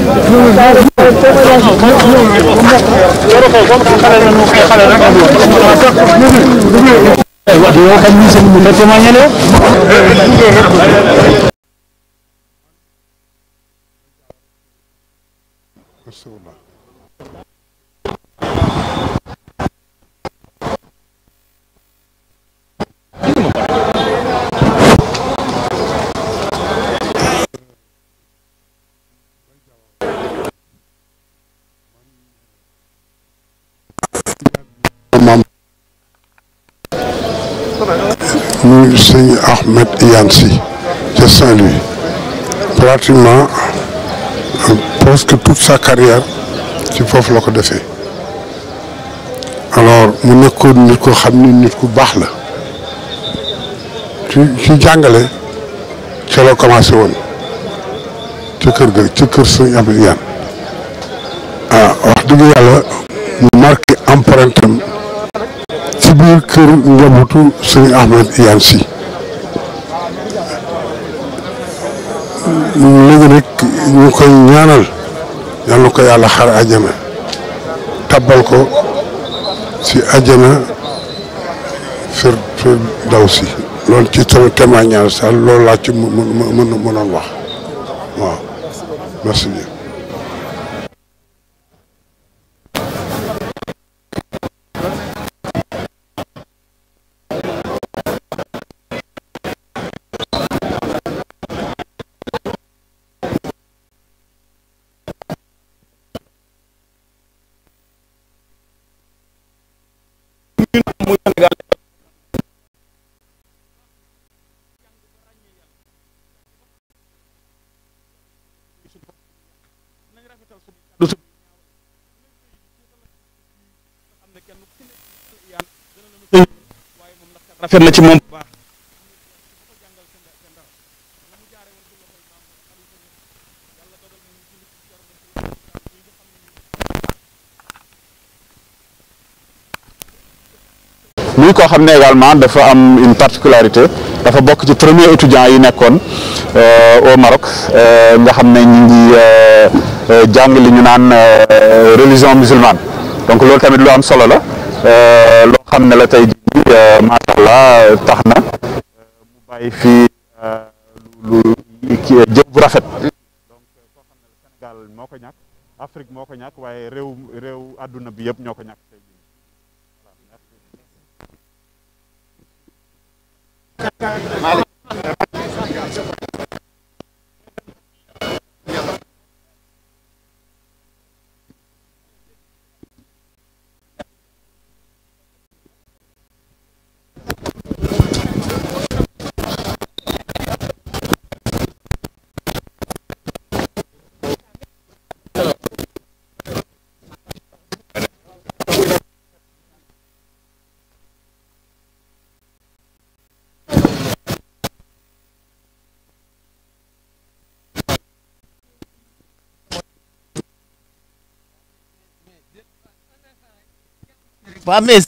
Bismillah mu sëñ Ahmed Iyane Sy ca Saint-Louis pratiquement presque toute sa carrière ci foofu la ko defee alors mu nekkoon nit ko xam ni nit ku baax la ci ci jàngale ca la commencé woon ca kër ga ci kër sëñ Ahmed Iyane ah, wax dëgg tur njabootu sëriñ Ahmed Iyane Sy ñu koy ñaanal yal na ko yàlla xar àjjana tabbal ko ci àjjana fir fir daw si loolu ci sama témoignage sax loolu laa ci mën mënoon wax waaw rafet na ci moom bu muy koo xam ne également dafa am une particularité dafa bokk ci premier étudiant yi nekkoon euh, au Maroc euh, nga xam ne ñu ngi euh, jàng li ñu naan religion musulmane donc loolu tamit lu am solo la xam ne la tey jii euh, macha allah tax na mu bàyyi fii euh, lu lu jëm bu rafet donc koo xam ne la Sénégal moo ko ñàkk Afrique moo ko ñàkk waaye réew réew àdduna bi yëpp ñoo ko ñàkk tey jii waaw mais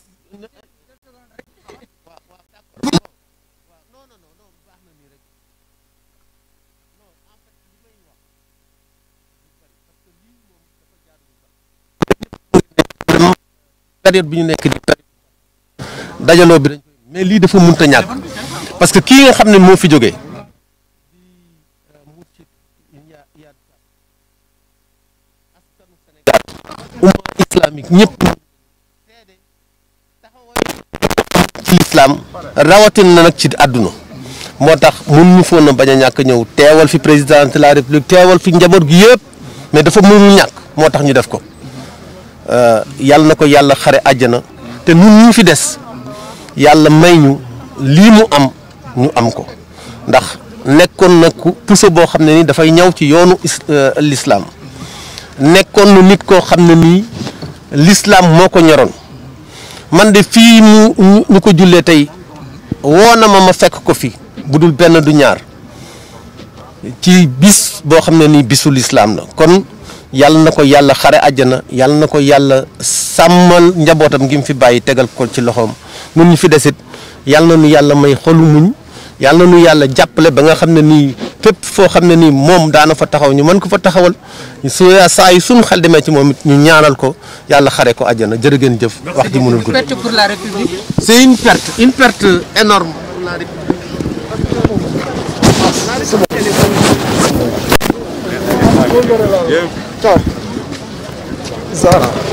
période bi ñu nekk di dajaloo bi dañ koy mais lii dafa mënta ñàkk parce que kii nga xam ne moo fi jógee islamique ñëpp lislaam rawatin na nag ci àdduna moo tax mun ñu foon na bañ a ñàkk ñëw teewal fi président de la république teewal fi njaboot gi yëpp mais dafa mënul ñàkk moo tax ñu def ko euh, yàlla na ko yàlla xare àjjana te nun ñu fi des yàlla may ñu lii mu am ñu am ko ndax nekkoon na ku puso boo xam ne ni dafay ñaw ci yoonu euh, lislaam nekkoon na nit koo xam ne nii lislaam moo ko ñoroon man de fii mu ñu ko jullee tey woo na ma ma fekk ko fi bu dul benn du ñaar ci bis boo xam ne nii bisul islaam la kon yàlla na ko yàlla xare àjjana yàlla na ko yàlla sàmmal njabootam gi mu fi bàyyi tegal ko ci loxoom nun ñu fi desit yàlla na nu yàlla may xolu muñ yàlla na nu yàlla jàppale ba nga xam ne nii fépp foo xam ne nii moom daana fa taxaw ñu mën ko fa taxawal su saa yi suñu xel demee ci moom it ñu ñaanal ko yàlla xare ko àjjana jërë ngeen jëf wax ji mënul gudd. perte pour la république. c'est une perte une perte énorme pour la république.